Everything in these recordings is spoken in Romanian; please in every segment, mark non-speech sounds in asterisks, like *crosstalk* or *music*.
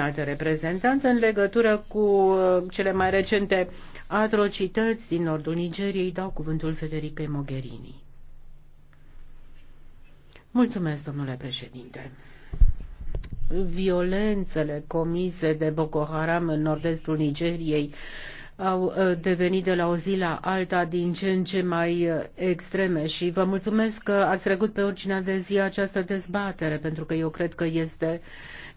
alte reprezentantă în legătură cu uh, cele mai recente atrocități din nordul Nigeriei, dau cuvântul Federica Mogherini. Mulțumesc, domnule președinte. Violențele comise de Boko Haram în nord-estul Nigeriei au uh, devenit de la o zi la alta din ce în ce mai uh, extreme și vă mulțumesc că ați trecut pe originea de zi această dezbatere, pentru că eu cred că este uh,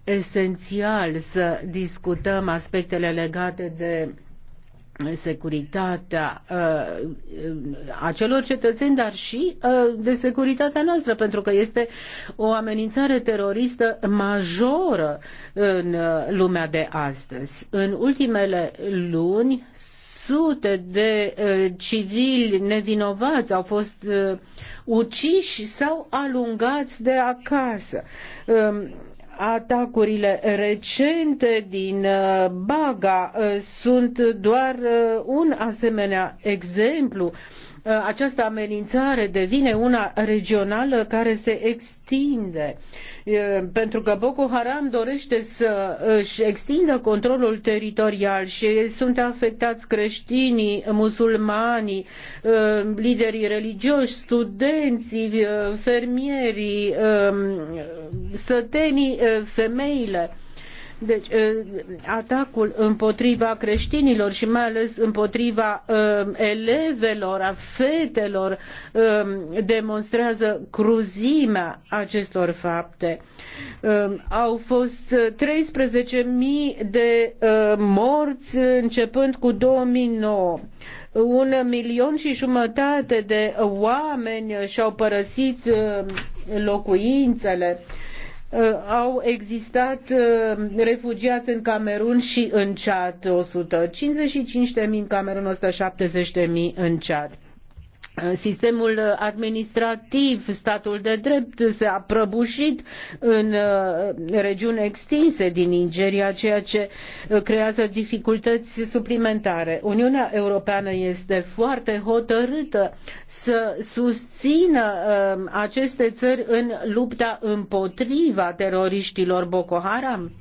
esențial să discutăm aspectele legate de securitatea uh, acelor cetățeni, dar și uh, de securitatea noastră, pentru că este o amenințare teroristă majoră în uh, lumea de astăzi. În ultimele luni, sute de uh, civili nevinovați au fost uh, uciși sau alungați de acasă. Uh, atacurile recente din uh, Baga uh, sunt doar uh, un asemenea exemplu Uh, această amenințare devine una regională care se extinde, uh, pentru că Boko Haram dorește să își extindă controlul teritorial și sunt afectați creștinii, musulmanii, uh, liderii religioși, studenții, fermierii, um, sătenii, femeile deci, atacul împotriva creștinilor și mai ales împotriva elevelor, a fetelor, demonstrează cruzimea acestor fapte. Au fost 13.000 de morți începând cu 2009 un milion și jumătate de oameni și-au părăsit locuințele. Uh, au existat uh, refugiați în Camerun și în Chad, 155.000 în Camerun, 170.000 în Chad sistemul administrativ, statul de drept s-a prăbușit în uh, regiuni extinse din Nigeria, ceea ce uh, creează dificultăți suplimentare. Uniunea Europeană este foarte hotărâtă să susțină uh, aceste țări în lupta împotriva teroriștilor Boko Haram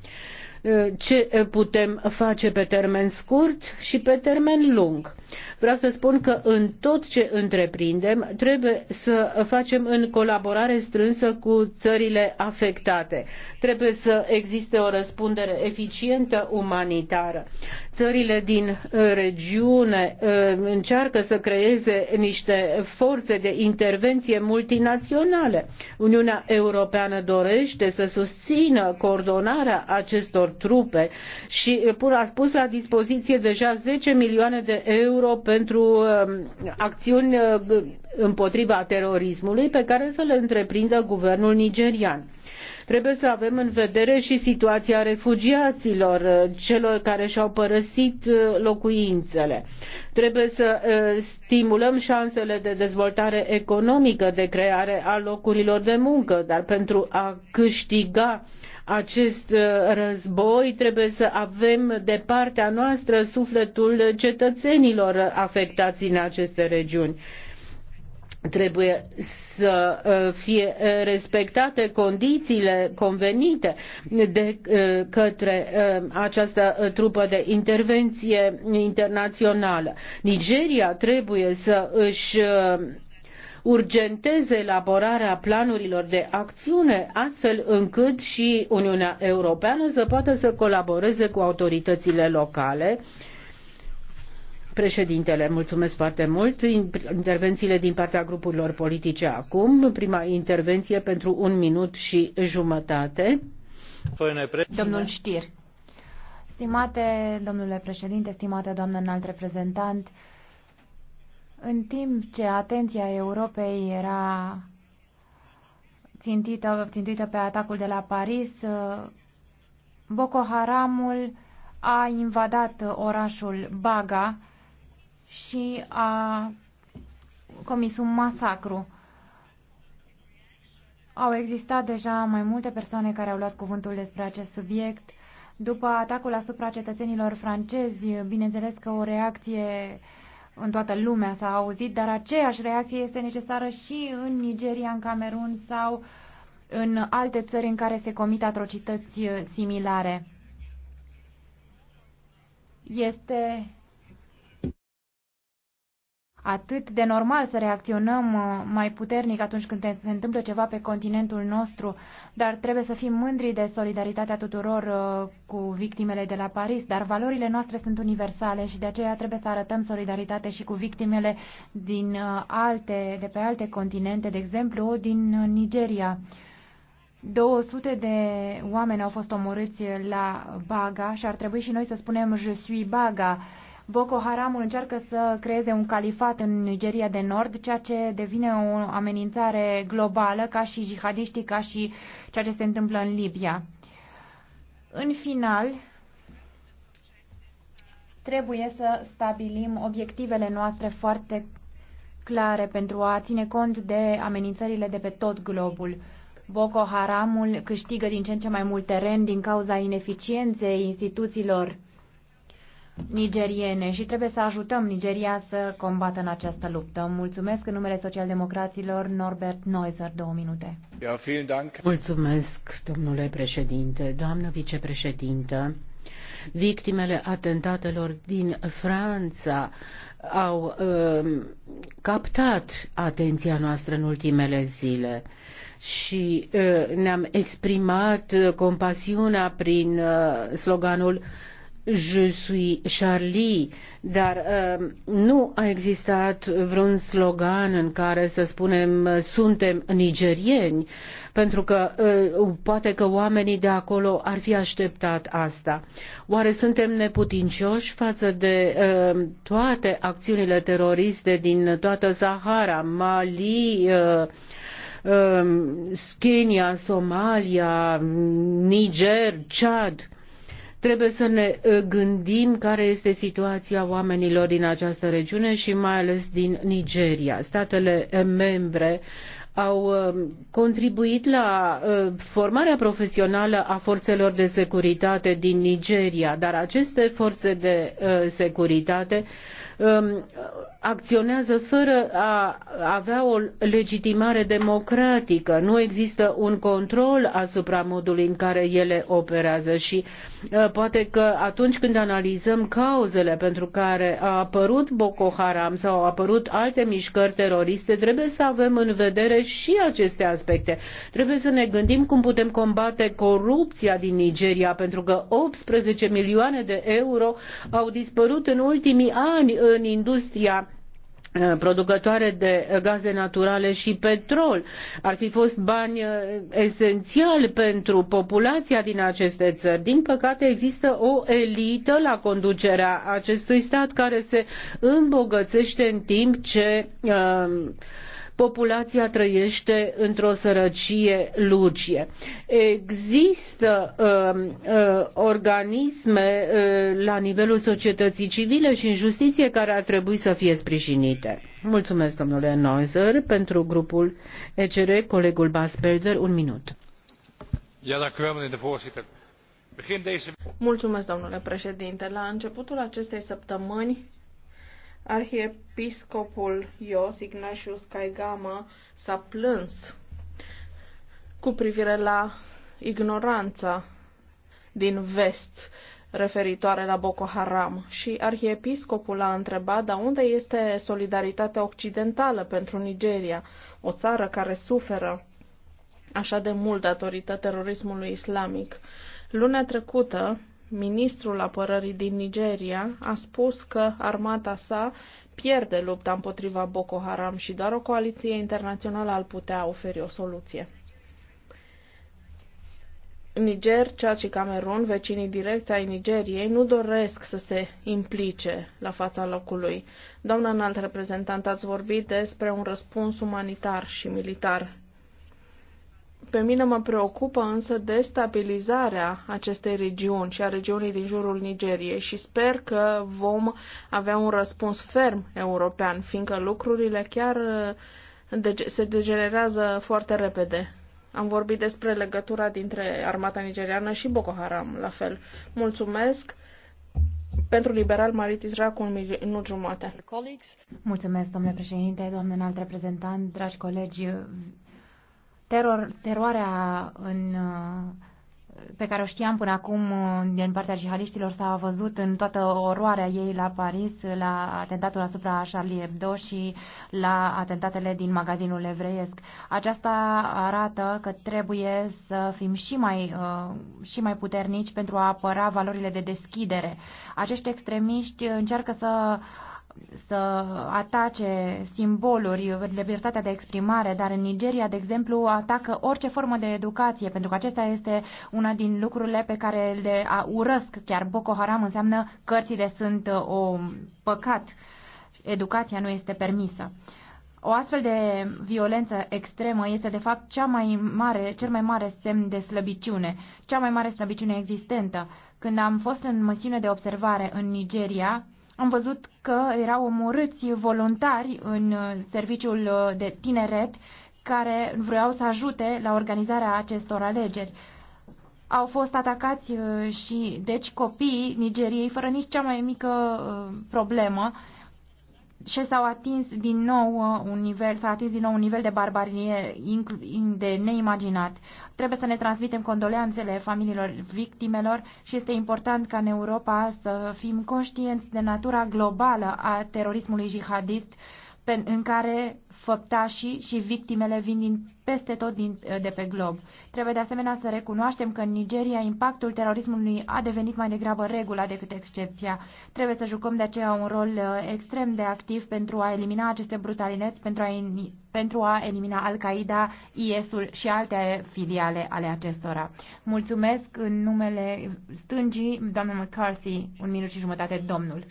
ce putem face pe termen scurt și pe termen lung. Vreau să spun că în tot ce întreprindem trebuie să facem în colaborare strânsă cu țările afectate. Trebuie să existe o răspundere eficientă umanitară. Țările din uh, regiune uh, încearcă să creeze niște forțe de intervenție multinaționale. Uniunea Europeană dorește să susțină coordonarea acestor trupe și uh, a pus la dispoziție deja 10 milioane de euro pe pentru um, acțiuni uh, împotriva terorismului pe care să le întreprindă guvernul nigerian. Trebuie să avem în vedere și situația refugiaților, uh, celor care și-au părăsit uh, locuințele. Trebuie să stimulăm șansele de dezvoltare economică, de creare a locurilor de muncă, dar pentru a câștiga acest uh, război, trebuie să avem de partea noastră sufletul cetățenilor afectați în aceste regiuni trebuie să uh, fie uh, respectate condițiile convenite de către această trupă de intervenție internațională. Nigeria trebuie să își urgenteze elaborarea planurilor de acțiune, astfel încât și Uniunea Europeană să poată să colaboreze cu autoritățile locale. Președintele, mulțumesc foarte mult. Intervențiile din partea grupurilor politice acum. Prima intervenție pentru un minut și jumătate. Domnul Știr. Stimate domnule președinte, stimate doamnă înalt reprezentant, în timp ce atenția Europei era țintită, țintită pe atacul de la Paris, Boko Haramul a invadat orașul Baga și a comis un masacru. Au existat deja mai multe persoane care au luat cuvântul despre acest subiect. După atacul asupra cetățenilor francezi, bineînțeles că o reacție uh, în toată lumea s-a auzit, dar aceeași reacție este necesară și în Nigeria, în Camerun sau în alte țări în care se comit atrocități similare. Este atât de normal să reacționăm uh, mai puternic atunci când se întâmplă ceva pe continentul nostru, dar trebuie să fim mândri de solidaritatea tuturor uh, cu victimele de la Paris, dar valorile noastre sunt universale și de aceea trebuie să arătăm solidaritate și cu victimele din uh, alte, de pe alte continente, de exemplu din Nigeria. 200 de oameni au fost omorâți la Baga și ar trebui și noi să spunem Je suis Baga Boko Haramul încearcă să creeze un califat în Nigeria de Nord, ceea ce devine o amenințare globală, ca și jihadiștii, ca și ceea ce se întâmplă în Libia. În final, trebuie să stabilim obiectivele noastre foarte clare pentru a ține cont de amenințările de pe tot globul. Boko Haramul câștigă din ce în ce mai mult teren din cauza ineficienței instituțiilor nigeriene și trebuie să ajutăm Nigeria să combată în această luptă. Mulțumesc în numele socialdemocraților Norbert Neuser, două minute. Mulțumesc, domnule președinte, doamnă vicepreședintă. Victimele atentatelor din Franța au uh, captat atenția noastră în ultimele zile și uh, ne-am exprimat uh, compasiunea prin uh, sloganul uh, Je suis Charlie, dar uh, nu a existat vreun slogan în care să spunem uh, suntem nigerieni, pentru că uh, poate că oamenii de acolo ar fi așteptat asta. Oare suntem neputincioși față de uh, toate acțiunile teroriste din toată Sahara, Mali, uh, uh, Kenya, Somalia, Niger, Chad? Trebuie să ne ă, gândim care este situația oamenilor din această regiune și mai ales din Nigeria. Statele ă, membre au ă, contribuit la formarea profesională a forțelor de securitate din Nigeria, dar aceste forțe de securitate acționează fără a avea o legitimare democratică. Nu există un control asupra modului în care ele operează și uh, poate că atunci când analizăm cauzele pentru care a apărut Boko Haram sau au apărut alte mișcări teroriste, trebuie să avem în vedere și aceste aspecte. Trebuie să ne gândim cum putem combate corupția din Nigeria, pentru că 18 milioane de euro au dispărut în ultimii ani în industria Eh, producătoare de gaze naturale și petrol. Ar fi fost bani eh, esențiali pentru populația din aceste țări. Din păcate există o elită la conducerea acestui stat care se îmbogățește în timp ce uh, populația trăiește într-o sărăcie lucie. Există uh, uh, organisme uh, la nivelul societății civile și în justiție care ar trebui să fie sprijinite. Mulțumesc, domnule Neuser, pentru grupul ECR, colegul Basperder, un minut. Mulțumesc, domnule președinte. La începutul acestei săptămâni, Arhiepiscopul Ios Ignatius Caigama s-a plâns cu privire la ignoranța din vest referitoare la Boko Haram și arhiepiscopul a întrebat, dar unde este solidaritatea occidentală pentru Nigeria, o țară care suferă așa de mult datorită terorismului islamic? Luna trecută, ministrul apărării din Nigeria a spus că armata sa pierde lupta împotriva Boko Haram și doar o coaliție internațională ar putea oferi o soluție. Niger, Cea și Camerun, vecinii direcți ai Nigeriei, nu doresc să se implice la fața locului. Doamna înalt reprezentant, ați vorbit despre un răspuns umanitar și militar pe mine mă preocupă însă destabilizarea acestei regiuni și a regiunii din jurul Nigeriei și sper că vom avea un răspuns ferm european, fiindcă lucrurile chiar uh, se degenerează foarte repede. Am vorbit despre legătura dintre armata nigeriană și Boko Haram, la fel. Mulțumesc! Pentru liberal, Marit Izra, cu un minut jumate. Mulțumesc, domnule președinte, doamne înalt reprezentant, dragi colegi teror, teroarea în, uh, pe care o știam până acum uh, din partea jihadiștilor s-a văzut în toată oroarea ei la Paris, la atentatul asupra Charlie Hebdo și la atentatele din magazinul evreiesc. Aceasta arată că trebuie să fim și mai, uh, și mai puternici pentru a apăra valorile de deschidere. Acești extremiști încearcă să să atace simboluri, libertatea de exprimare, dar în Nigeria, de exemplu, atacă orice formă de educație, pentru că acesta este una din lucrurile pe care le urăsc. Chiar Boko Haram înseamnă cărțile sunt uh, o păcat, educația nu este permisă. O astfel de violență extremă este de fapt cea mai mare, cel mai mare semn de slăbiciune, cea mai mare slăbiciune existentă. Când am fost în misiune de observare în Nigeria, am văzut că erau omorâți voluntari în uh, serviciul uh, de tineret care vreau să ajute la organizarea acestor alegeri. Au fost atacați uh, și, deci, copiii Nigeriei fără nici cea mai mică problemă și s-au atins din nou uh, un nivel, s-a atins din nou un nivel de barbarie de neimaginat. Trebuie să ne transmitem condoleanțele familiilor victimelor și este important ca în Europa să fim conștienți de natura globală a terorismului jihadist în care făptașii și victimele vin din peste tot din, de pe glob. Trebuie de asemenea să recunoaștem că în Nigeria impactul terorismului a devenit mai degrabă regula decât excepția. Trebuie să jucăm de aceea un rol uh, extrem de activ pentru a elimina aceste brutalități, pentru a, pentru a elimina Al-Qaeda, IS-ul și alte filiale ale acestora. Mulțumesc în numele stângii, doamne McCarthy, un minut și jumătate, domnul.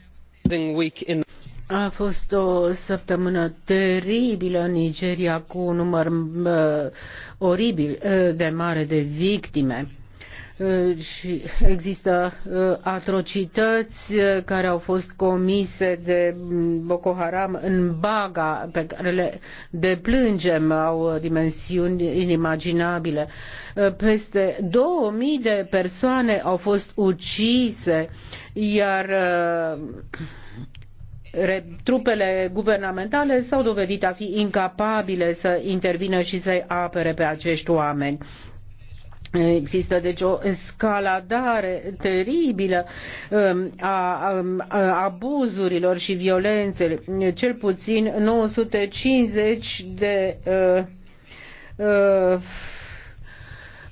A fost o săptămână teribilă în Nigeria cu un număr uh, oribil uh, de mare de victime uh, și există uh, atrocități uh, care au fost comise de mm, Boko Haram în Baga, pe care le deplângem, au dimensiuni inimaginabile. Peste 2000 de persoane au fost ucise, iar trupele guvernamentale s-au dovedit a fi incapabile să intervină și să-i apere pe acești oameni. Există deci o escaladare teribilă um, um, a abuzurilor și violențelor. Cel puțin 950 de uh, uh,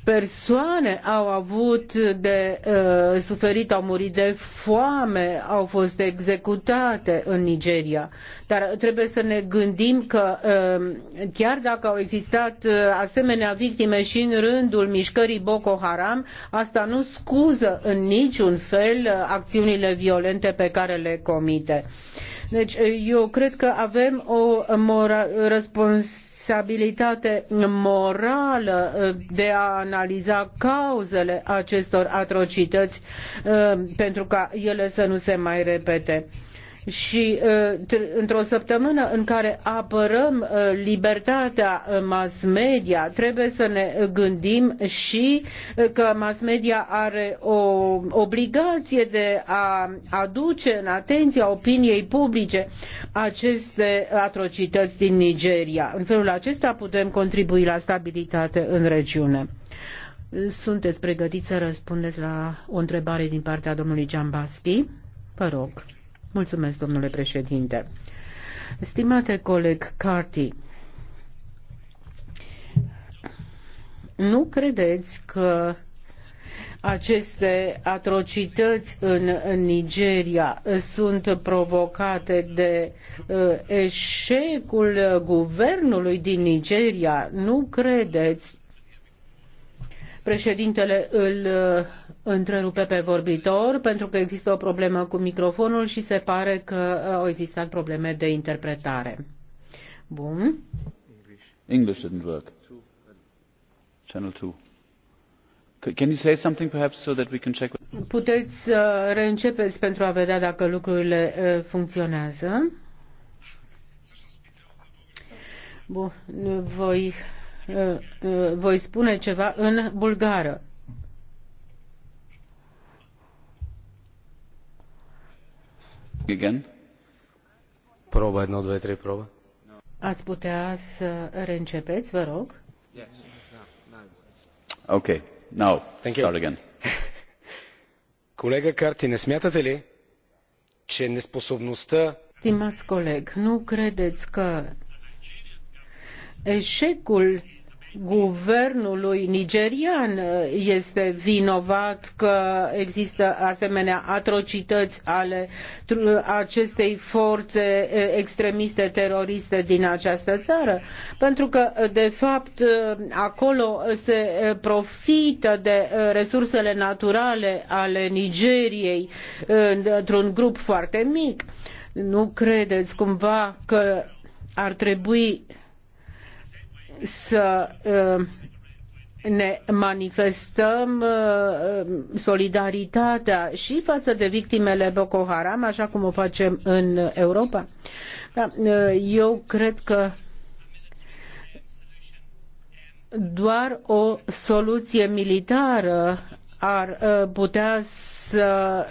persoane au avut de uh, suferit, au murit de foame, au fost executate în Nigeria. Dar trebuie să ne gândim că uh, chiar dacă au existat uh, asemenea victime și în rândul mișcării Boko Haram, asta nu scuză în niciun fel uh, acțiunile violente pe care le comite. Deci uh, eu cred că avem o mora- răspuns responsabilitate morală uh, de a analiza cauzele acestor atrocități uh, pentru ca ele să nu se mai repete și uh, într-o săptămână în care apărăm uh, libertatea uh, mass media, trebuie să ne gândim și că mass media are o obligație de a aduce în atenția opiniei publice aceste atrocități din Nigeria. În felul acesta putem contribui la stabilitate în regiune. Sunteți pregătiți să răspundeți la o întrebare din partea domnului Giambaschi? Vă rog. Mulțumesc, domnule președinte. Stimate coleg Carty, nu credeți că aceste atrocități în Nigeria sunt provocate de uh, eșecul guvernului din Nigeria. Nu credeți? Președintele îl uh, întrerupe pe vorbitor pentru că există o problemă cu microfonul și se pare că uh, au existat probleme de interpretare. Bun. English didn't work. Channel 2. Can you say something perhaps so that we can check? Puteți să uh, reîncepeți pentru a vedea dacă lucrurile uh, funcționează. Bun, voi, voi spune ceva în bulgară. Ați putea să reîncepeți, vă rog? Ok, now, Thank start you. again. *laughs* Colegă Cartine, smiatăte li ce nesposobnostă... Stimați coleg, nu credeți că eșecul guvernului nigerian este vinovat că există asemenea atrocități ale acestei forțe eh, extremiste teroriste din această țară, pentru că, de fapt, eh, acolo se eh, profită de resursele naturale ale Nigeriei într-un grup foarte mic. Nu credeți cumva că ar trebui să uh, ne manifestăm uh, solidaritatea și față de victimele Boko Haram, așa cum o facem în Europa? Da, uh, eu cred că doar o soluție militară ar uh, putea să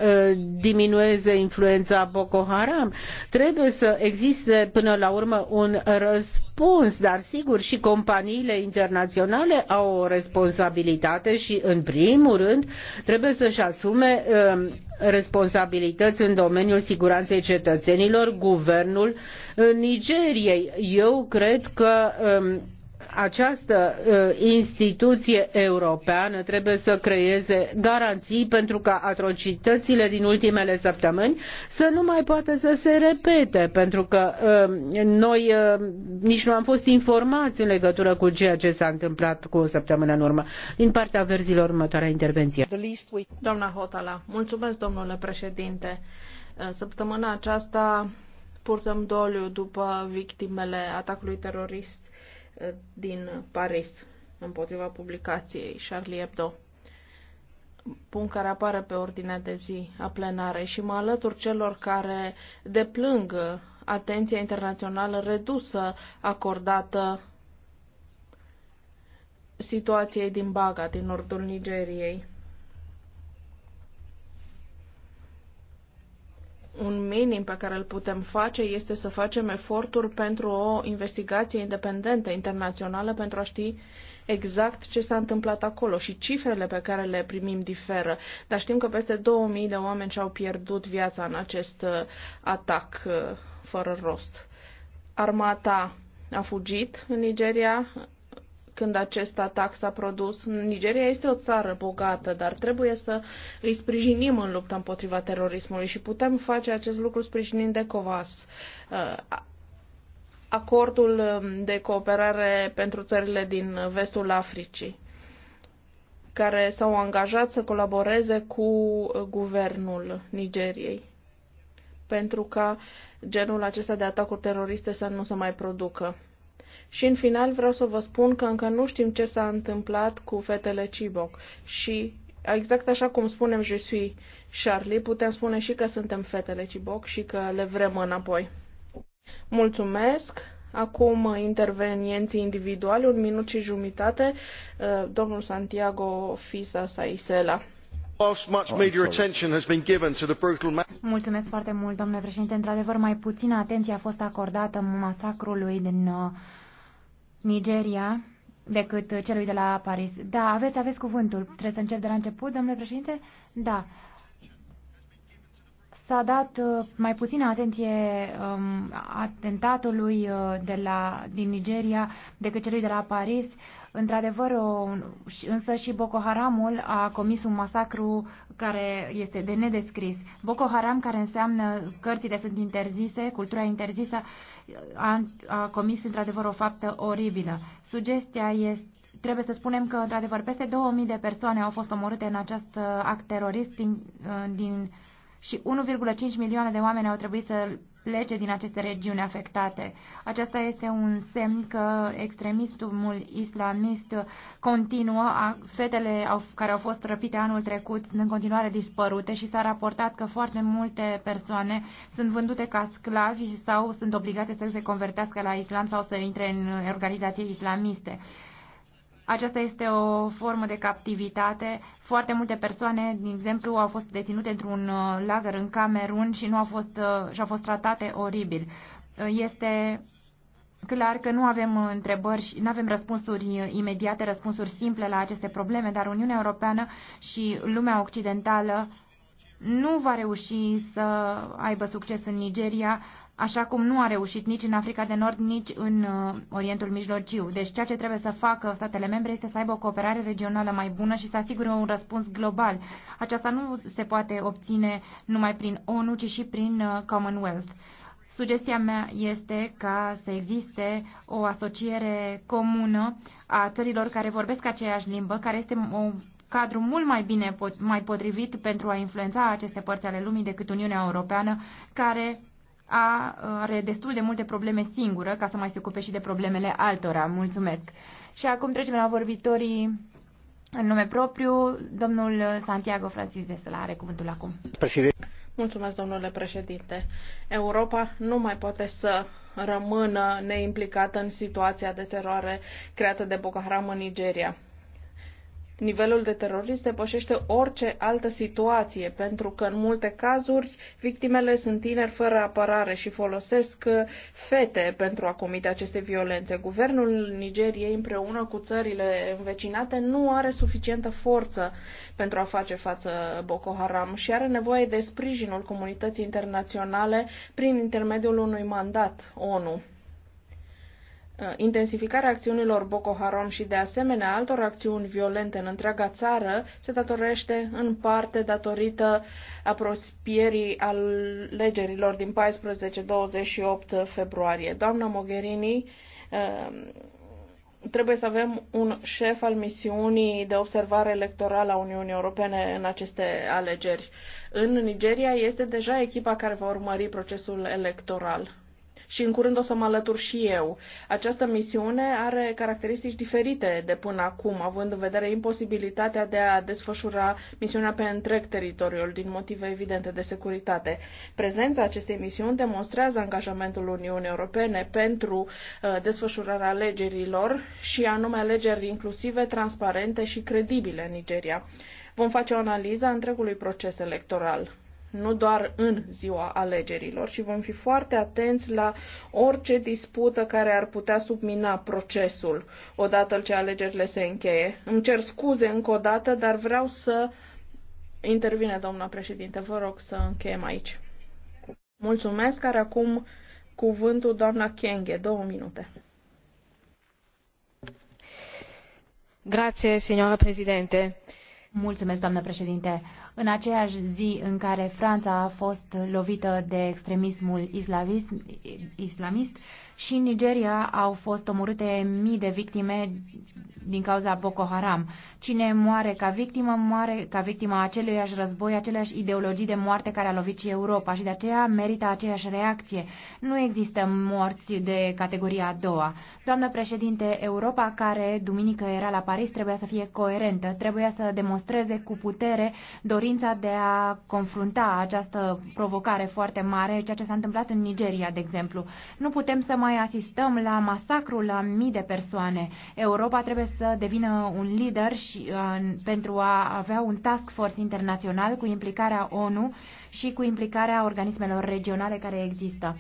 uh, diminueze influența Boko Haram. Trebuie să existe până la urmă un răspuns, dar sigur și companiile internaționale au o responsabilitate și în primul rând trebuie să-și asume um, responsabilități în domeniul siguranței cetățenilor, guvernul uh, Nigeriei. Eu cred că um, această ă, instituție europeană trebuie să creeze garanții pentru ca atrocitățile din ultimele săptămâni să nu mai poată să se repete, pentru că ă, noi ă, nici nu am fost informați în legătură cu ceea ce s-a întâmplat cu o săptămână în urmă. Din partea verzilor, următoarea intervenție. Doamna Hotala, mulțumesc, domnule președinte. Săptămâna aceasta purtăm doliu după victimele atacului terorist din Paris împotriva publicației Charlie Hebdo. Punct care apare pe ordinea de zi a plenare și mă alătur celor care deplâng atenția internațională redusă acordată situației din Baga, din nordul Nigeriei. un minim pe care îl putem face este să facem eforturi pentru o investigație independentă internațională pentru a ști exact ce s-a întâmplat acolo și cifrele pe care le primim diferă, dar știm că peste 2000 de oameni și-au pierdut viața în acest uh, atac uh, fără rost. Armata a fugit în Nigeria, când acest atac s-a produs. Nigeria este o țară bogată, dar trebuie să îi sprijinim în lupta împotriva terorismului și putem face acest lucru sprijinind de COVAS. Uh, acordul um, de cooperare pentru țările din vestul Africii care s-au angajat să colaboreze cu uh, guvernul Nigeriei pentru ca genul acesta de atacuri teroriste să nu se mai producă. Și în final vreau să vă spun că încă nu știm ce s-a întâmplat cu fetele Ciboc și exact așa cum spunem je suis Charlie, putem spune și că suntem fetele Ciboc și că le vrem înapoi. Mulțumesc! Acum intervenienții individuali, un minut și jumătate, uh, domnul Santiago Fisa Saisela. Oh, Mulțumesc foarte mult, domnule președinte. Într-adevăr, mai puțină atenție a fost acordată masacrului din uh, Nigeria decât celui de la Paris. Da, aveți, aveți cuvântul. Trebuie să încep de la început, domnule președinte? Da. S-a dat uh, mai puțină atenție um, atentatului uh, de la, din Nigeria decât celui de la Paris. Uh, Într-adevăr, însă și Boko Haramul a comis un masacru care este de nedescris. Boko Haram, care înseamnă cărțile sunt interzise, cultura interzisă, a, a comis într-adevăr o faptă oribilă. Sugestia este Trebuie să spunem că, într-adevăr, peste 2000 de persoane au fost omorâte în acest uh, act terorist din, uh, din, și 1,5 milioane de oameni au trebuit să plece din aceste regiuni afectate. Aceasta este un semn că extremismul islamist continuă. Fetele au, care au fost răpite anul trecut sunt în continuare dispărute și s-a raportat că foarte multe persoane sunt vândute ca sclavi sau sunt obligate să se convertească la islam sau să intre în organizații islamiste. Aceasta este o formă de captivitate. Foarte multe persoane, de exemplu, au fost deținute într-un uh, lagăr în Camerun și nu au fost, uh, și au fost tratate oribil. Uh, este clar că nu avem întrebări și nu avem răspunsuri imediate, răspunsuri simple la aceste probleme, dar Uniunea Europeană și lumea occidentală nu va reuși să aibă succes în Nigeria așa cum nu a reușit nici în Africa de Nord, nici în uh, Orientul Mijlociu. Deci ceea ce trebuie să facă statele membre este să aibă o cooperare regională mai bună și să asigure un răspuns global. Aceasta nu se poate obține numai prin ONU, ci și prin uh, Commonwealth. Sugestia mea este ca să existe o asociere comună a țărilor care vorbesc aceeași limbă, care este o cadru mult mai bine mai potrivit pentru a influența aceste părți ale lumii decât Uniunea Europeană, care a, are destul de multe probleme singură ca să mai se ocupe și de problemele altora. Mulțumesc. Și acum trecem la vorbitorii în nume propriu. Domnul Santiago Francis Desla are cuvântul acum. Președinte. Mulțumesc, domnule președinte. Europa nu mai poate să rămână neimplicată în situația de teroare creată de Boko Haram în Nigeria. Nivelul de terorism depășește orice altă situație, pentru că în multe cazuri victimele sunt tineri fără apărare și folosesc uh, fete pentru a comite aceste violențe. Guvernul Nigeriei împreună cu țările învecinate nu are suficientă forță pentru a face față Boko Haram și are nevoie de sprijinul comunității internaționale prin intermediul unui mandat ONU Uh, intensificarea acțiunilor Boko Haram și de asemenea altor acțiuni violente în întreaga țară se datorește în parte datorită apropierii alegerilor din 14-28 februarie. Doamna Mogherini uh, trebuie să avem un șef al misiunii de observare electorală a Uniunii Europene în aceste alegeri. În Nigeria este deja echipa care va urmări procesul electoral și în curând o să mă alătur și eu. Această misiune are caracteristici diferite de până acum, având în vedere imposibilitatea de a desfășura misiunea pe întreg teritoriul din motive evidente de securitate. Prezența acestei misiuni demonstrează angajamentul Uniunii Europene pentru uh, desfășurarea alegerilor și anume alegeri inclusive, transparente și credibile în Nigeria. Vom face o analiză a întregului proces electoral nu doar în ziua alegerilor și vom fi foarte atenți la orice dispută care ar putea submina procesul odată ce alegerile se încheie. Îmi cer scuze încă o dată, dar vreau să intervine doamna președinte. Vă rog să încheiem aici. Mulțumesc, care acum cuvântul doamna Kenge, două minute. Grazie, signora președinte. Mulțumesc, doamnă președinte în aceeași zi în care Franța a fost lovită de extremismul islamist, și în Nigeria au fost omorâte mii de victime din cauza Boko Haram. Cine moare ca victimă, moare ca victima aceluiași război, aceleași ideologii de moarte care a lovit și Europa și de aceea merită aceeași reacție. Nu există morți de categoria a doua. Doamnă președinte, Europa care duminică era la Paris trebuia să fie coerentă, trebuia să demonstreze cu putere dorința de a confrunta această provocare foarte mare, ceea ce s-a întâmplat în Nigeria, de exemplu. Nu putem să mai asistăm la masacrul la mii de persoane. Europa trebuie să devină un lider și, uh, pentru a avea un task force internațional cu implicarea ONU și cu implicarea organismelor regionale care există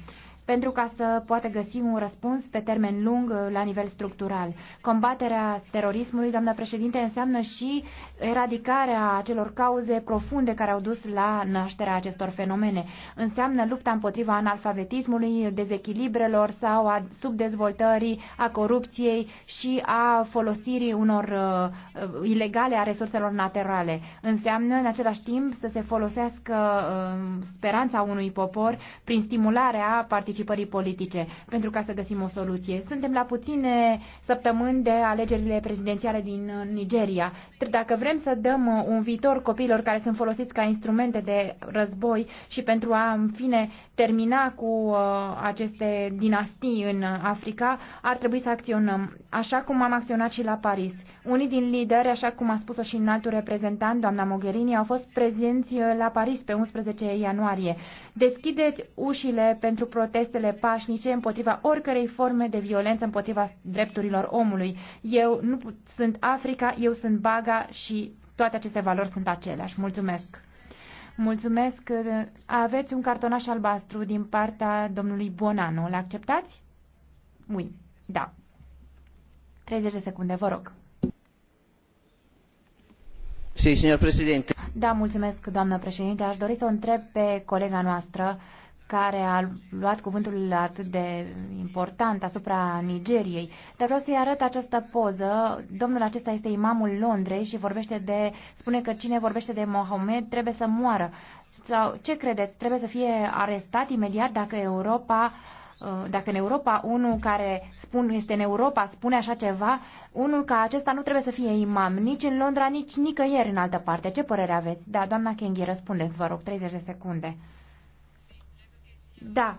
pentru ca să poată găsi un răspuns pe termen lung uh, la nivel structural. Combaterea terorismului, doamna președinte, înseamnă și eradicarea acelor cauze profunde care au dus la nașterea acestor fenomene. Înseamnă lupta împotriva analfabetismului, dezechilibrelor sau a subdezvoltării, a corupției și a folosirii unor uh, uh ilegale a resurselor naturale. Înseamnă, în același timp, să se folosească uh, speranța unui popor prin stimularea participării participării politice pentru ca să găsim o soluție. Suntem la puține săptămâni de alegerile prezidențiale din uh, Nigeria. Dacă vrem să dăm uh, un viitor copiilor care sunt folosiți ca instrumente de război și pentru a, în fine, termina cu uh, aceste dinastii în Africa, ar trebui să acționăm, așa cum am acționat și la Paris. Unii din lideri, așa cum a spus-o și în altul reprezentant, doamna Mogherini, au fost prezenți la Paris pe 11 ianuarie. Deschideți ușile pentru protest protestele pașnice împotriva oricărei forme de violență împotriva drepturilor omului. Eu nu sunt Africa, eu sunt Baga și toate aceste valori sunt aceleași. Mulțumesc! Mulțumesc! Aveți un cartonaș albastru din partea domnului Bonano. L-acceptați? Ui, da. 30 de secunde, vă rog. Sí, președinte. Da, mulțumesc, doamnă președinte. Aș dori să o întreb pe colega noastră uh, care a luat cuvântul atât de important asupra Nigeriei. Dar vreau să-i arăt această poză. Domnul acesta este imamul Londrei și vorbește de, spune că cine vorbește de Mohamed trebuie să moară. Sau ce credeți? Trebuie să fie arestat imediat dacă Europa uh, dacă în Europa unul care spun, este în Europa spune așa ceva, unul ca acesta nu trebuie să fie imam, nici în Londra, nici nicăieri în altă parte. Ce părere aveți? Da, doamna Kenghi, răspundeți, vă rog, 30 de secunde. Da,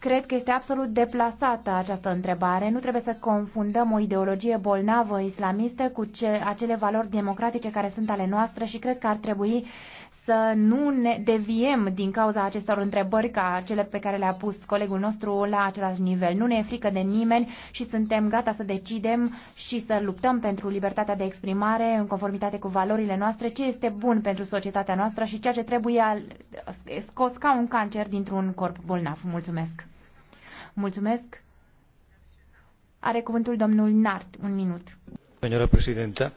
cred că este absolut deplasată această întrebare. Nu trebuie să confundăm o ideologie bolnavă islamistă cu ce, acele valori democratice care sunt ale noastre și cred că ar trebui să nu ne deviem din cauza acestor întrebări ca cele pe care le-a pus colegul nostru la același nivel. Nu ne e frică de nimeni și suntem gata să decidem și să luptăm pentru libertatea de exprimare în conformitate cu valorile noastre, ce este bun pentru societatea noastră și ceea ce trebuie scos ca un cancer dintr-un corp bolnav. Mulțumesc! Mulțumesc! Are cuvântul domnul Nart. Un minut. Señora presidenta,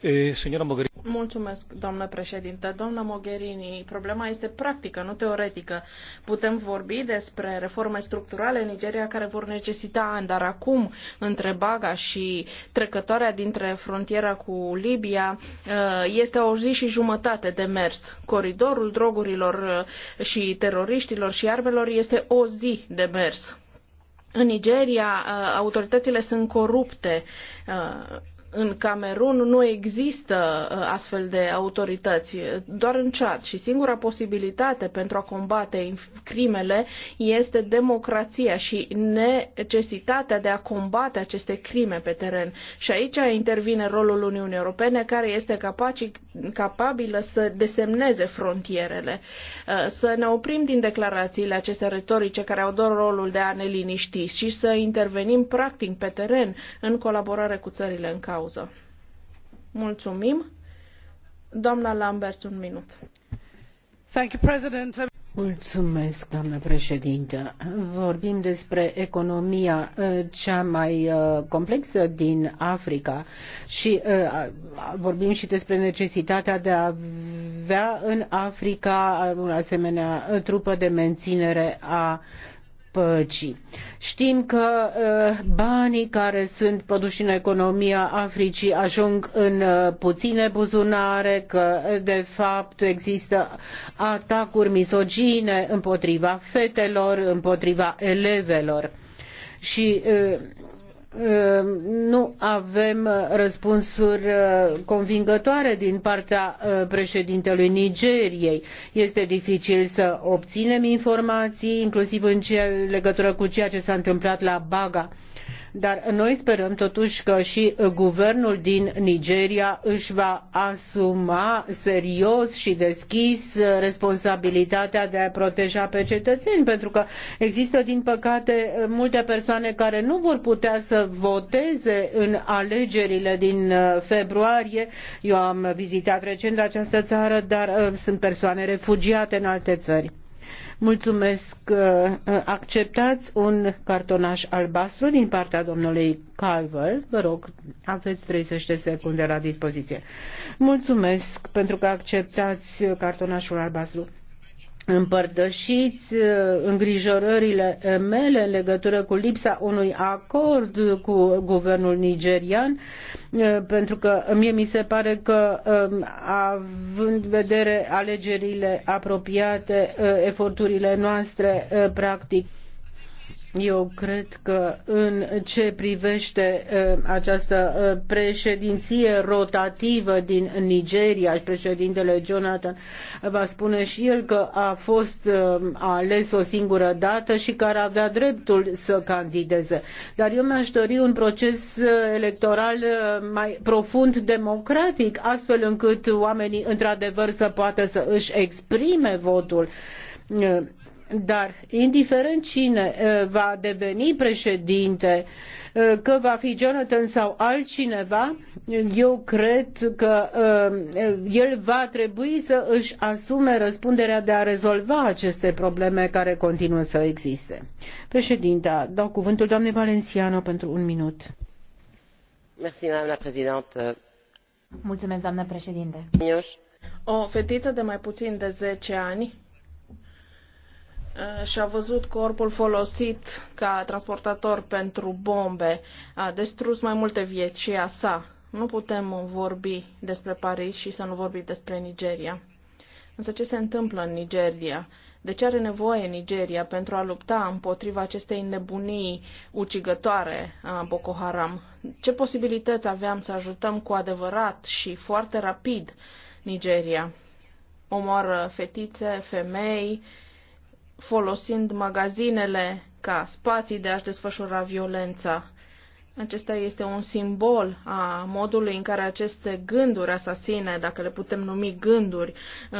eh, señora Mogherini, Mulțumesc, doamnă președinte. Doamnă Mogherini, problema este practică, nu teoretică. Putem vorbi despre reforme structurale în Nigeria care vor necesita ani, dar acum, între Baga și trecătoarea dintre frontiera cu Libia, eh, este o zi și jumătate de mers. Coridorul drogurilor eh, și teroriștilor și armelor este o zi de mers. În Nigeria, eh, autoritățile sunt corupte în Camerun nu există uh, astfel de autorități, doar în Chad. Și singura posibilitate pentru a combate crimele este democrația și necesitatea de a combate aceste crime pe teren. Și aici intervine rolul Uniunii Europene, care este capaci, capabilă să desemneze frontierele. Uh, să ne oprim din declarațiile aceste retorice care au doar rolul de a ne liniști și să intervenim practic pe teren în colaborare cu țările în cauză pauză. Mulțumim. Doamna Lambert, un minut. Thank you, President. Mulțumesc, doamnă președintă. Vorbim despre economia uh, cea mai uh, complexă din Africa și uh, vorbim și despre necesitatea de a avea în Africa un asemenea trupă de menținere a păcii. Știm că uh, banii care sunt produși în economia Africii ajung în uh, puține buzunare, că uh, de fapt există atacuri misogine împotriva fetelor, împotriva elevelor. Și Ehm, nu avem uh, răspunsuri uh, convingătoare din partea uh, președintelui Nigeriei. Este dificil să obținem informații, inclusiv în legătură cu ceea ce s-a întâmplat la Baga dar noi sperăm totuși că și guvernul din Nigeria își va asuma serios și deschis responsabilitatea de a proteja pe cetățeni, pentru că există, din păcate, multe persoane care nu vor putea să voteze în alegerile din uh, februarie. Eu am vizitat recent această țară, dar uh, sunt persoane refugiate în alte țări. Mulțumesc că uh, uh, acceptați un cartonaș albastru din partea domnului Calver. Vă rog, aveți 30 de secunde la dispoziție. Mulțumesc pentru că acceptați cartonașul albastru împărtășiți uh, îngrijorările mele în legătură cu lipsa unui acord cu guvernul nigerian, uh, pentru că mie mi se pare că, um, având în vedere alegerile apropiate, uh, eforturile noastre, practic, eu cred că în ce privește uh, această uh, președinție rotativă din Nigeria, președintele Jonathan va spune și el că a fost uh, ales o singură dată și că ar avea dreptul să candideze. Dar eu mi-aș dori un proces electoral mai profund democratic, astfel încât oamenii într-adevăr să poată să își exprime votul dar, indiferent cine va deveni președinte, că va fi Jonathan sau altcineva, eu cred că el va trebui să își asume răspunderea de a rezolva aceste probleme care continuă să existe. Președinta, dau cuvântul doamnei Valenciano pentru un minut. Mulțumesc, doamnă președinte. O fetiță de mai puțin de 10 ani Eh, și-a văzut corpul folosit ca transportator pentru bombe, a distrus mai multe vieți și a sa. Nu putem vorbi despre Paris și să nu vorbim despre Nigeria. Însă ce se întâmplă în Nigeria? De ce are nevoie Nigeria pentru a lupta împotriva acestei nebunii ucigătoare a Boko Haram? Ce posibilități aveam să ajutăm cu adevărat și foarte rapid Nigeria? Omoară fetițe, femei, uh, folosind magazinele ca spații de a-și desfășura violența acesta este un simbol a modului în care aceste gânduri asasine, dacă le putem numi gânduri, uh,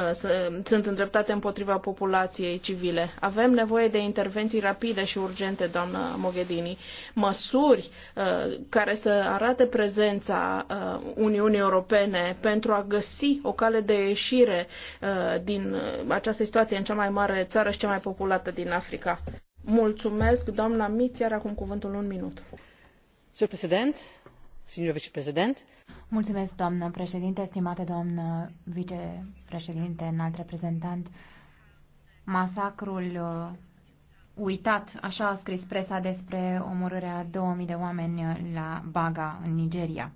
sunt îndreptate împotriva populației civile. Avem nevoie de intervenții rapide și urgente, doamnă Moghedini, măsuri uh, care să arate prezența uh, Uniunii Europene pentru a găsi o cale de ieșire din această situație în cea mai mare țară și cea mai populată din Africa. Mulțumesc, doamna Miți, iar acum cuvântul un minut doamnă președinte stimată doamnă vicepreședinte înalt reprezentant masacrul uh, uitat așa a scris presa despre omorârea a două mii de oameni la baga în nigeria.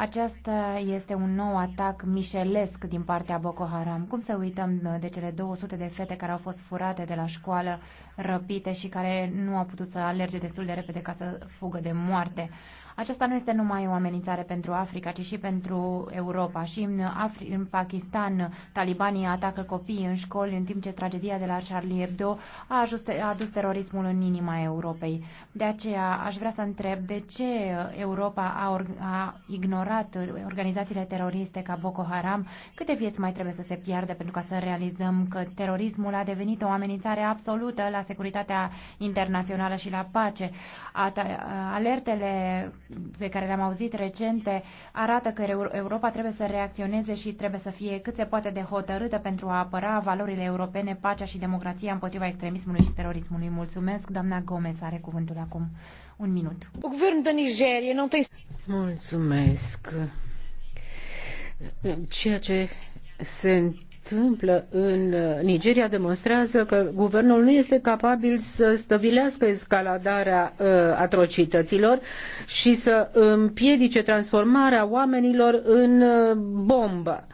Aceasta este un nou atac mișelesc din partea Boko Haram. Cum să uităm de cele 200 de fete care au fost furate de la școală, răpite și care nu au putut să alerge destul de repede ca să fugă de moarte? Aceasta nu este numai o amenințare pentru Africa, ci și pentru Europa. Și în, Afri- în Pakistan, talibanii atacă copii în școli, în timp ce tragedia de la Charlie Hebdo a, a adus terorismul în inima Europei. De aceea aș vrea să întreb de ce Europa a, a ignorat organizațiile teroriste ca Boko Haram, câte vieți mai trebuie să se piardă pentru ca să realizăm că terorismul a devenit o amenințare absolută la securitatea internațională și la pace. At- alertele pe care le-am auzit recente arată că Europa trebuie să reacționeze și trebuie să fie cât se poate de hotărâtă pentru a apăra valorile europene, pacea și democrația împotriva extremismului și terorismului. Mulțumesc. Doamna Gomez are cuvântul acum. Un minut. de nu Mulțumesc. Ceea ce se întâmplă în uh, Nigeria demonstrează că guvernul nu este capabil să stăvilească escaladarea uh, atrocităților și să împiedice transformarea oamenilor în uh, bombă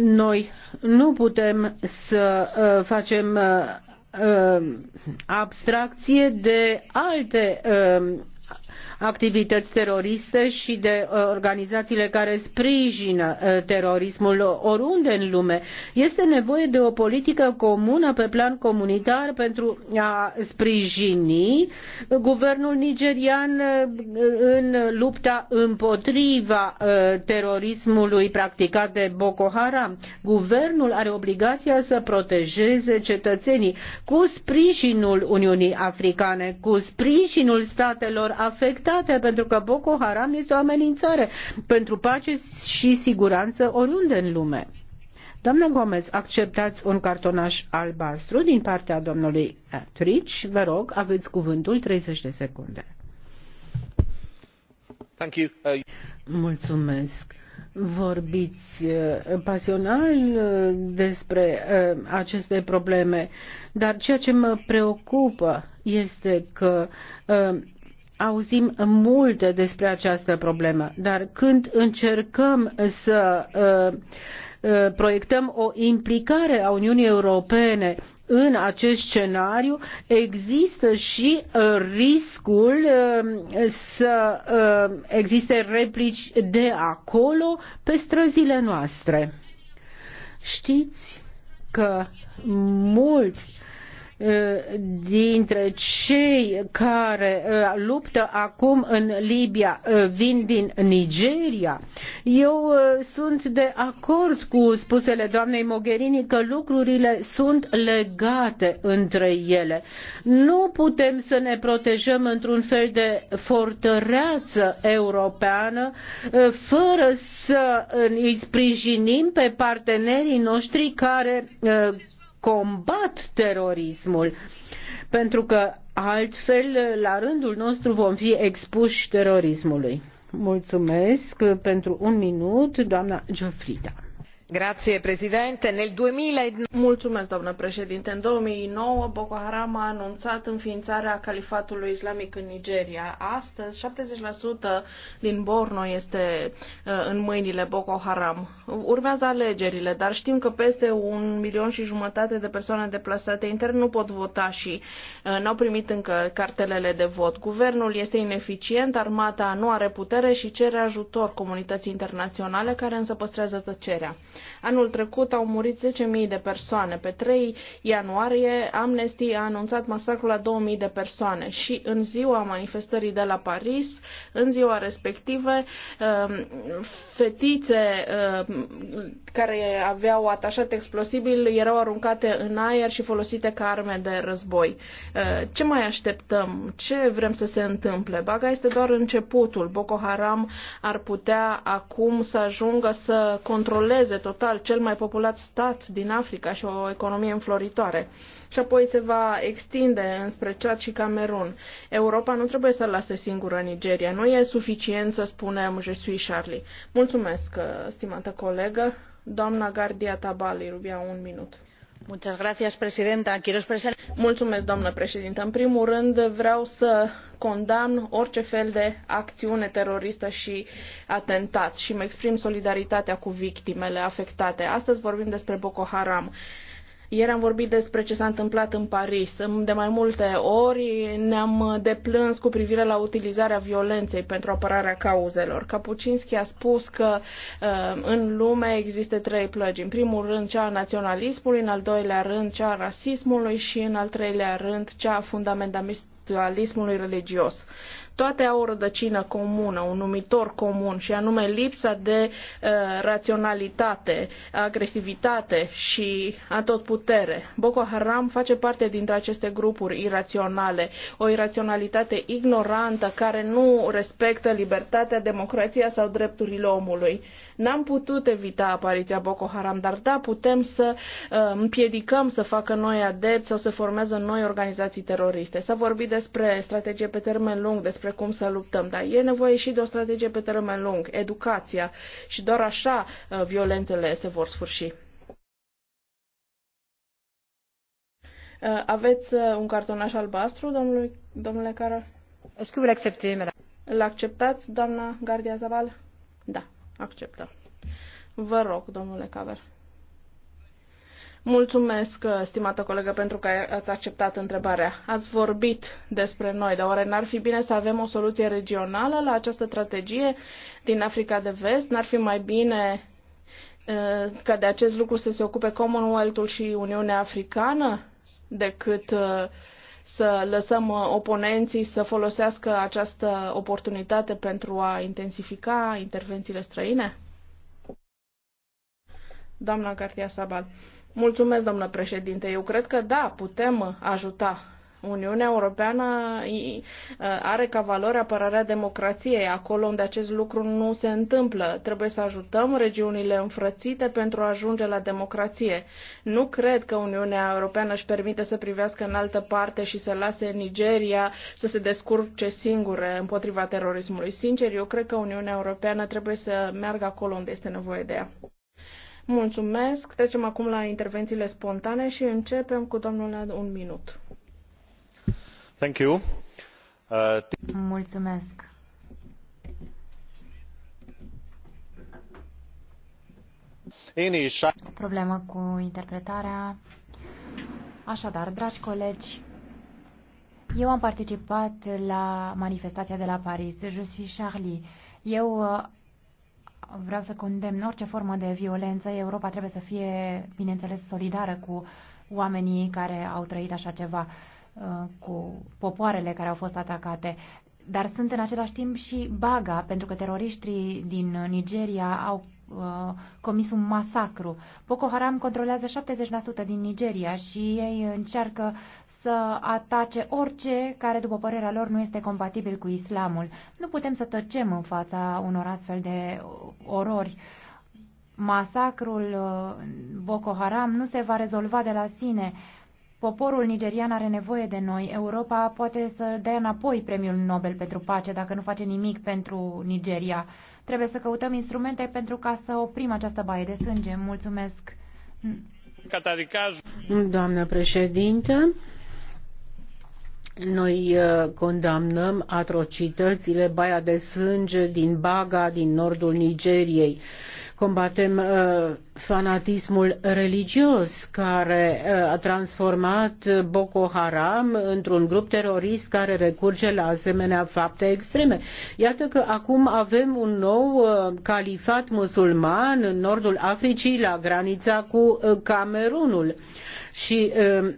noi nu putem să facem abstracție de alte activități teroriste și de uh, organizațiile care sprijină uh, terorismul oriunde în lume. Este nevoie de o politică comună pe plan comunitar pentru a sprijini guvernul nigerian uh, în lupta împotriva terorismului practicat de Boko Haram. Guvernul are obligația să protejeze cetățenii cu sprijinul Uniunii Africane, cu sprijinul statelor afectate securitate, pentru că Boko Haram este o amenințare pentru pace și siguranță oriunde în lume. Doamnă Gomez, acceptați un cartonaș albastru din partea domnului Trici. Vă rog, aveți cuvântul 30 de secunde. Thank you. Uh... Mulțumesc. Vorbiți uh, pasional uh, despre uh, aceste probleme, dar ceea ce mă preocupă este că auzim multe despre această problemă, dar când încercăm să uh, uh, proiectăm o implicare a Uniunii Europene în acest scenariu există și uh, riscul să existe replici de acolo pe străzile noastre. Știți că mulți dintre cei care uh, luptă acum în Libia uh, vin din Nigeria. Eu uh, sunt de acord cu spusele doamnei Mogherini că lucrurile sunt legate între ele. Nu putem să ne protejăm într-un fel de fortăreață europeană fără să îi sprijinim pe partenerii noștri care combat terorismul, pentru că altfel, la rândul nostru, vom fi expuși terorismului. Mulțumesc pentru un minut, doamna Geoffrida doamnă președinte în două mii nouă boko haram a anunțat înființarea califatului islamic în nigeria. astăzi șaptezeci din borno este uh, în mâinile boko haram. urmează alegerile dar știm că peste un milion și jumătate de persoane deplasate intern nu pot vota și uh, nu au primit încă cartelele de vot. guvernul este ineficient armata nu are putere și cere ajutor comunității internaționale care însă păstrează tăcerea. Anul trecut au murit 10.000 de persoane. Pe 3 ianuarie Amnesty a anunțat masacrul la 2.000 de persoane și în ziua manifestării de la Paris, în ziua respective, um, fetițe um, care aveau atașat explosibil erau aruncate în aer și folosite ca arme de război. Uh, ce mai așteptăm? Ce vrem să se întâmple? Baga este doar începutul. Boko Haram ar putea acum să ajungă să controleze total cel mai populat stat din Africa și o economie înfloritoare și apoi se va extinde înspre Chad și Camerun. Europa nu trebuie să lase singură Nigeria. Nu e suficient să spunem je suis Charlie. Mulțumesc, uh, stimată colegă. Doamna Gardia Tabali, rubia un minut. Mulțumesc, doamnă președintă în primul rând vreau să condamn orice fel de acțiune teroristă și atentat și îmi exprim solidaritatea cu victimele afectate. astăzi vorbim despre boko haram. Ieri am vorbit despre ce s-a întâmplat în Paris. De mai multe ori ne-am deplâns cu privire la utilizarea violenței pentru apărarea cauzelor. Capucinski a spus că uh, în lume există trei plăgi. În primul rând cea a naționalismului, în al doilea rând cea a rasismului și în al treilea rând cea a fundamentalismului religios toate au o rădăcină comună, un numitor comun și anume lipsa de uh, raționalitate, agresivitate și atotputere. Boko Haram face parte dintre aceste grupuri iraționale, o iraționalitate ignorantă care nu respectă libertatea, democrația sau drepturile omului. N-am putut evita apariția Boko Haram, dar da, putem să uh, împiedicăm să facă noi adepți sau să formeze noi organizații teroriste. S-a vorbit despre strategie pe termen lung, despre despre cum să luptăm, dar e nevoie și de o strategie pe termen lung, educația și doar așa uh, violențele se vor sfârși. Uh, aveți uh, un cartonaș albastru, domnului, domnule Carol? Est-ce que vous l'acceptez, madame? L'acceptați, acceptați, doamna Gardia Zaval? Da, acceptă. Vă rog, domnule Caver. Mulțumesc, uh, stimată colegă, pentru că ați acceptat întrebarea. Ați vorbit despre noi, dar oare n-ar fi bine să avem o soluție regională la această strategie din Africa de Vest? N-ar fi mai bine uh, ca de acest lucru să se ocupe Commonwealth-ul și Uniunea Africană decât uh, să lăsăm oponenții să folosească această oportunitate pentru a intensifica intervențiile străine? Doamna Cartia Sabal. Mulțumesc, doamnă președinte. Eu cred că da, putem ajuta. Uniunea Europeană are ca valoare apărarea democrației. Acolo unde acest lucru nu se întâmplă, trebuie să ajutăm regiunile înfrățite pentru a ajunge la democrație. Nu cred că Uniunea Europeană își permite să privească în altă parte și să lase Nigeria să se descurce singure împotriva terorismului. Sincer, eu cred că Uniunea Europeană trebuie să meargă acolo unde este nevoie de ea. Mulțumesc. Trecem acum la intervențiile spontane și începem cu domnul Ad un minut. Thank you. Uh, Mulțumesc. O problemă cu interpretarea. Așadar, dragi colegi, eu am participat la manifestația de la Paris, Je suis Charlie. Eu uh, vreau să condemn orice formă de violență. Europa trebuie să fie, bineînțeles, solidară cu oamenii care au trăit așa ceva, uh, cu popoarele care au fost atacate. Dar sunt în același timp și baga, pentru că teroriștii din Nigeria au Uh, comis un masacru. Boko Haram controlează 70% din Nigeria și ei încearcă să atace orice care, după părerea lor, nu este compatibil cu islamul. Nu putem să tăcem în fața unor astfel de orori. Masacrul uh, Boko Haram nu se va rezolva de la sine. Poporul nigerian are nevoie de noi. Europa poate să dea înapoi premiul Nobel pentru pace dacă nu face nimic pentru Nigeria. Trebuie să căutăm instrumente pentru ca să oprim această baie de sânge. Mulțumesc! Doamnă președintă, noi uh, condamnăm atrocitățile, baia de sânge din Baga, din nordul Nigeriei combatem uh, fanatismul religios care uh, a transformat Boko Haram într-un grup terorist care recurge la asemenea fapte extreme. Iată că acum avem un nou uh, califat musulman în nordul Africii la granița cu uh, Camerunul și uh,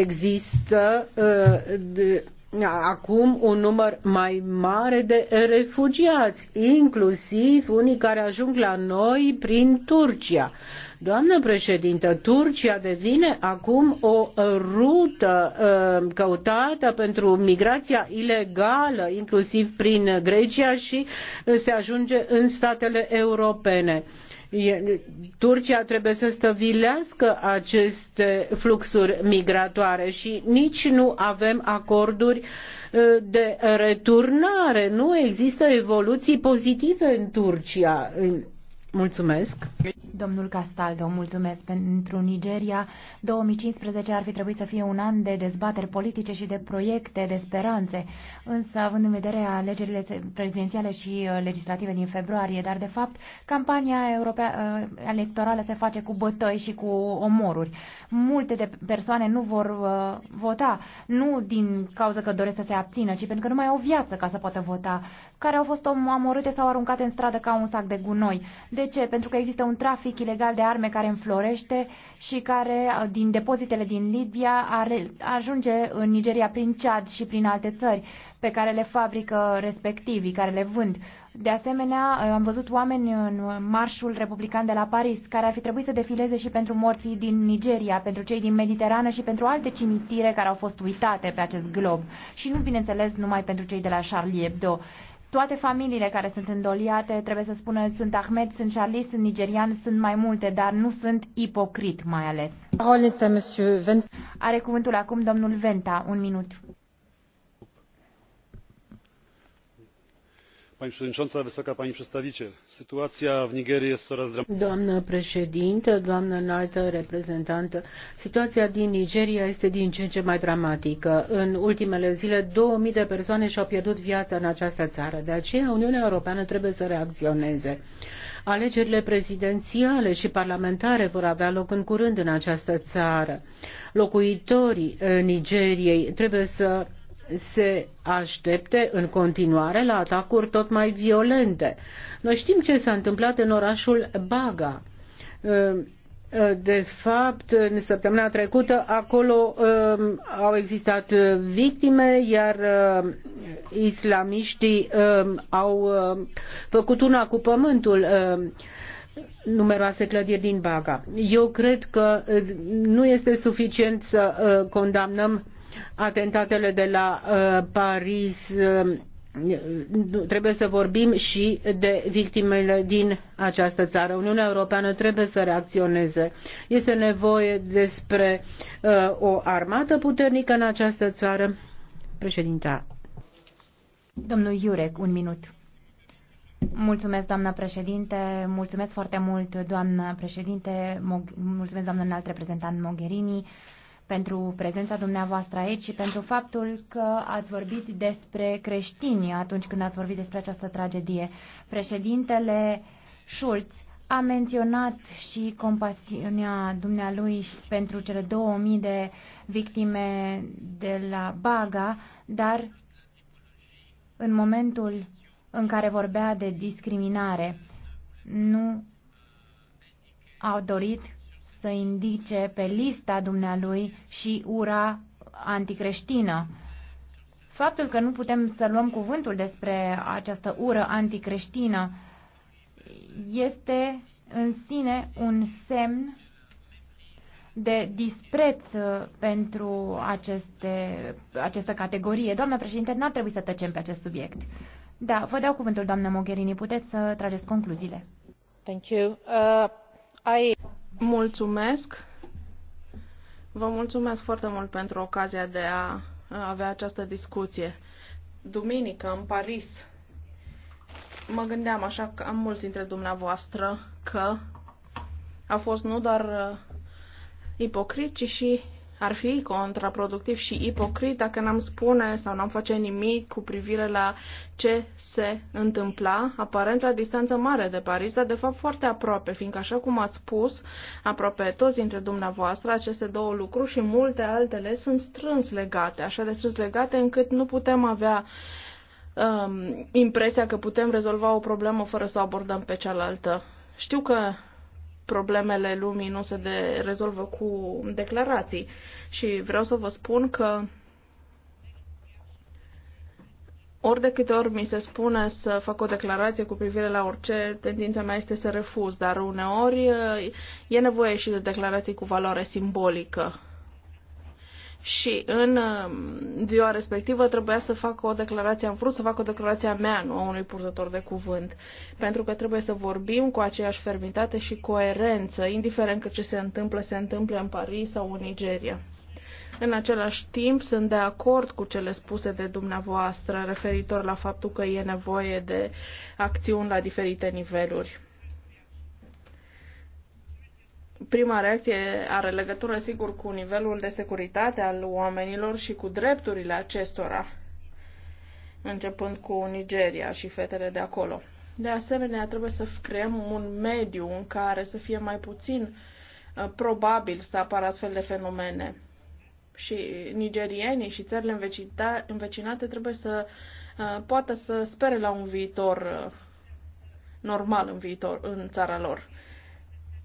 există uh, de, acum un număr mai mare de refugiați, inclusiv unii care ajung la noi prin Turcia. Doamnă președintă, Turcia devine acum o rută ă, căutată pentru migrația ilegală, inclusiv prin Grecia și se ajunge în statele europene. Turcia trebuie să stăvilească aceste fluxuri migratoare și nici nu avem acorduri de returnare. Nu există evoluții pozitive în Turcia Mulțumesc. Domnul Castaldo, mulțumesc pentru Nigeria. 2015 ar fi trebuit să fie un an de dezbateri politice și de proiecte, de speranțe, însă având în vedere alegerile prezidențiale și uh, legislative din februarie, dar de fapt campania europea, uh, electorală se face cu bătăi și cu omoruri. Multe de persoane nu vor uh, vota, nu din cauza că doresc să se abțină, ci pentru că nu mai au viață ca să poată vota, care au fost omorâte sau aruncate în stradă ca un sac de gunoi. De de ce? Pentru că există un trafic ilegal de arme care înflorește și care, uh, din depozitele din Libia, ajunge în Nigeria prin Chad și prin alte țări pe care le fabrică respectivii, care le vând. De asemenea, uh, am văzut oameni în marșul republican de la Paris care ar fi trebuit să defileze și pentru morții din Nigeria, pentru cei din Mediterană și pentru alte cimitire care au fost uitate pe acest glob. Și nu, bineînțeles, numai pentru cei de la Charlie Hebdo toate familiile care sunt îndoliate, trebuie să spună, sunt Ahmed, sunt Charlie, sunt nigerian, sunt mai multe, dar nu sunt ipocrit mai ales. Are cuvântul acum domnul Venta, un minut. pani przewodnicząca! wysoka pani przedstawiciel! sytuacja w nigerii jest coraz doamnă președintă doamnă înaltă reprezentantă situația din nigeria este din ce în ce mai dramatică. în ultimele zile 2000 de persoane și au pierdut viața în această țară de aceea uniunea europeană trebuie să reacționeze. Alegerile prezidențiale și parlamentare vor avea loc în curând în această țară. Locuitorii eh, Nigeriei trebuie să se aștepte în continuare la atacuri tot mai violente. Noi știm ce s-a întâmplat în orașul Baga. Ehm, eh, de fapt, în săptămâna trecută, acolo ehm, au existat victime, iar eh, islamiștii ehm, au eh, făcut una cu pământul. numeroase clădiri din Baga. Eu cred că nu este suficient să condamnăm atentatele de la uh, Paris, uh, trebuie să vorbim și de victimele din această țară. Uniunea Europeană trebuie să reacționeze. Este nevoie despre uh, o armată puternică în această țară. Președinta. Domnul Iurec, un minut. Mulțumesc, doamna președinte. Mulțumesc foarte mult, doamna președinte. Mulțumesc, doamna înalt reprezentant Mogherini pentru prezența dumneavoastră aici și pentru faptul că ați vorbit despre creștini atunci când ați vorbit despre această tragedie. Președintele Schulz a menționat și compasiunea dumnealui pentru cele 2000 de victime de la Baga, dar în momentul în care vorbea de discriminare, nu au dorit să indice pe lista dumnealui și ura anticreștină. Faptul că nu putem să luăm cuvântul despre această ură anticreștină este în sine un semn de dispreț uh, pentru aceste, această categorie. Doamna președinte, n-ar trebui să tăcem pe acest subiect. Da, vă dau cuvântul, doamna Mogherini. Puteți să trageți concluziile. Thank you. Uh, I... Mulțumesc. Vă mulțumesc foarte mult pentru ocazia de a avea această discuție. Duminică, în Paris, mă gândeam, așa că am mulți dintre dumneavoastră, că a fost nu doar uh, ipocrit, ci și ar fi contraproductiv și ipocrit dacă n-am spune sau n-am face nimic cu privire la ce se întâmpla, aparent la distanță mare de Paris, dar de fapt foarte aproape, fiindcă așa cum ați spus, aproape toți dintre dumneavoastră, aceste două lucruri și multe altele sunt strâns legate, așa de strâns legate încât nu putem avea um, impresia că putem rezolva o problemă fără să o abordăm pe cealaltă. Știu că problemele lumii nu se de, rezolvă cu declarații. Și vreau să vă spun că ori de câte ori mi se spune să fac o declarație cu privire la orice, tendința mea este să refuz, dar uneori e nevoie și de declarații cu valoare simbolică și în uh, ziua respectivă trebuia să fac o declarație, am vrut să fac o declarație a mea, nu a unui purtător de cuvânt, pentru că trebuie să vorbim cu aceeași fermitate și coerență, indiferent că ce se întâmplă, se întâmplă în Paris sau în Nigeria. În același timp, sunt de acord cu cele spuse de dumneavoastră referitor la faptul că e nevoie de acțiuni la diferite niveluri prima reacție are legătură, sigur, cu nivelul de securitate al oamenilor și cu drepturile acestora, începând cu Nigeria și fetele de acolo. De asemenea, trebuie să creăm un mediu în care să fie mai puțin uh, probabil să apară astfel de fenomene. Și nigerienii și țările învecinate trebuie să uh, poată să spere la un viitor uh, normal în, viitor, în țara lor.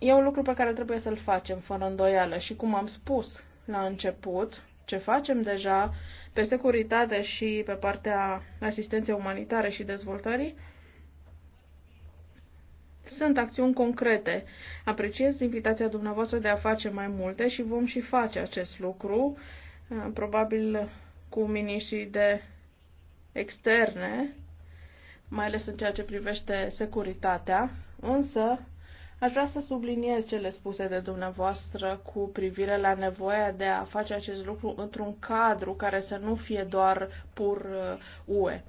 E un lucru pe care trebuie să-l facem, fără îndoială. Și cum am spus la început, ce facem deja pe securitate și pe partea asistenței umanitare și dezvoltării, sunt acțiuni concrete. Apreciez invitația dumneavoastră de a face mai multe și vom și face acest lucru, uh, probabil cu miniștrii de externe, mai ales în ceea ce privește securitatea, însă Aș vrea să subliniez cele spuse de dumneavoastră cu privire la nevoia de a face acest lucru într-un cadru care să nu fie doar pur UE. Uh,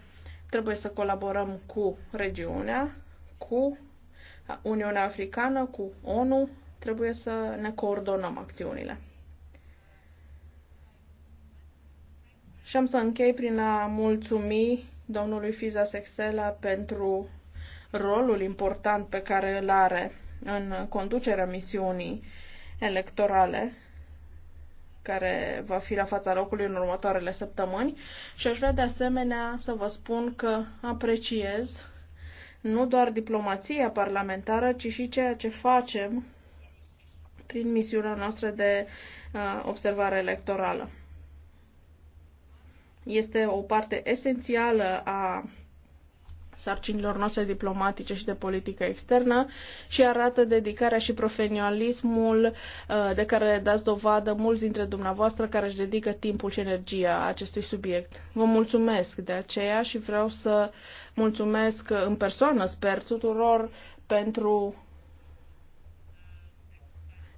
trebuie să colaborăm cu regiunea, cu Uniunea Africană, cu ONU, trebuie să ne coordonăm acțiunile. Și am să închei prin a mulțumi domnului Fiza Sexela pentru rolul important pe care îl are în conducerea misiunii electorale care va fi la fața locului în următoarele săptămâni și aș vrea de asemenea să vă spun că apreciez nu doar diplomația parlamentară, ci și ceea ce facem prin misiunea noastră de uh, observare electorală. Este o parte esențială a sarcinilor noastre diplomatice și de politică externă și arată dedicarea și profesionalismul uh, de care dați dovadă mulți dintre dumneavoastră care își dedică timpul și energia acestui subiect. Vă mulțumesc de aceea și vreau să mulțumesc în persoană, sper, tuturor pentru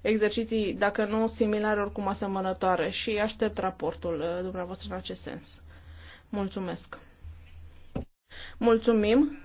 exerciții, dacă nu similare, oricum asemănătoare și aștept raportul uh, dumneavoastră în acest sens. Mulțumesc! Mulțumim!